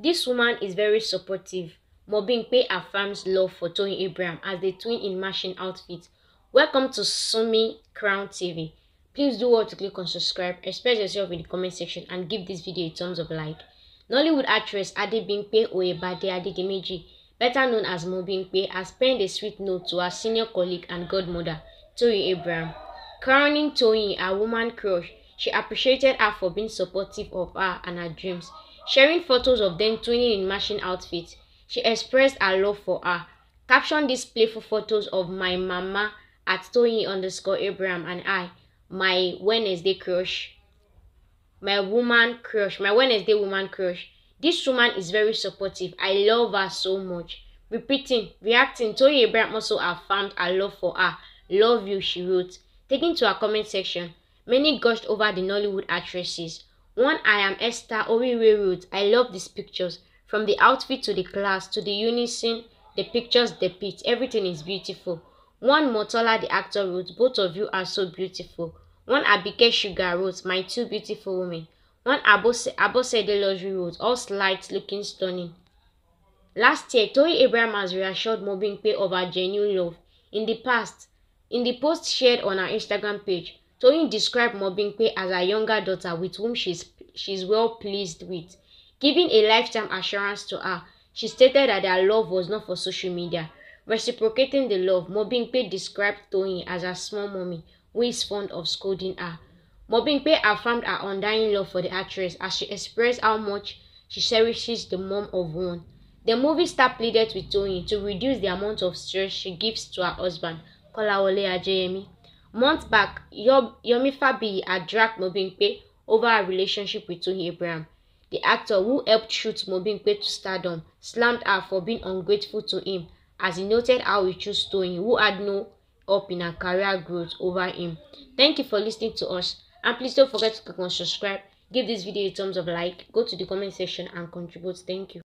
This woman is very supportive. Pay affirms love for Tony Abraham as the twin in matching outfits. Welcome to Sumi Crown TV. Please do well to click on subscribe, express yourself in the comment section and give this video a thumbs up like. Nollywood actress Adebimpe Oyebade Adegemeji, better known as Mobimpe, has penned a sweet note to her senior colleague and godmother, Tony Abraham. Crowning Tony a woman crush, she appreciated her for being supportive of her and her dreams sharing photos of them twinning in matching outfits. She expressed her love for her, captioned these playful photos of my mama at Toyin underscore Abraham and I, my Wednesday crush, my woman crush, my Wednesday woman crush. This woman is very supportive. I love her so much. Repeating, reacting, Tony Abraham also affirmed her love for her. Love you, she wrote. Taking to her comment section, many gushed over the Nollywood actresses One, I am Esther Owiwe wrote, I love these pictures. From the outfit to the class to the unison, the pictures depict. Everything is beautiful. One Motola, the actor, wrote, Both of you are so beautiful. One Abike Sugar wrote, My two beautiful women. One Abose, Abose Luxury wrote, All slight, looking stunning. Last year, Toyi Abraham has reassured Mobimpe of her genuine love. In the past, in the post shared on her Instagram page, Toyin described Mobimpe as her younger daughter with whom she's, she's well pleased with. Giving a lifetime assurance to her, she stated that her love was not for social media. Reciprocating the love, Mobimpe described Toyin as her small mommy who is fond of scolding her. Mobimpe affirmed her undying love for the actress as she expressed how much she cherishes the mom of one. The movie star pleaded with Toyin to reduce the amount of stress she gives to her husband, Kolawole Ajeyemi. Months back, Yomi Fabiyi had dragged Mobimpe over her relationship with Tony Abraham. The actor, who helped shoot Mobimpe to stardom, slammed her for being ungrateful to him as he noted how he chose Tony, who had no up in her career growth over him. Thank you for listening to us and please don't forget to click on subscribe, give this video a thumbs up like, go to the comment section and contribute. Thank you.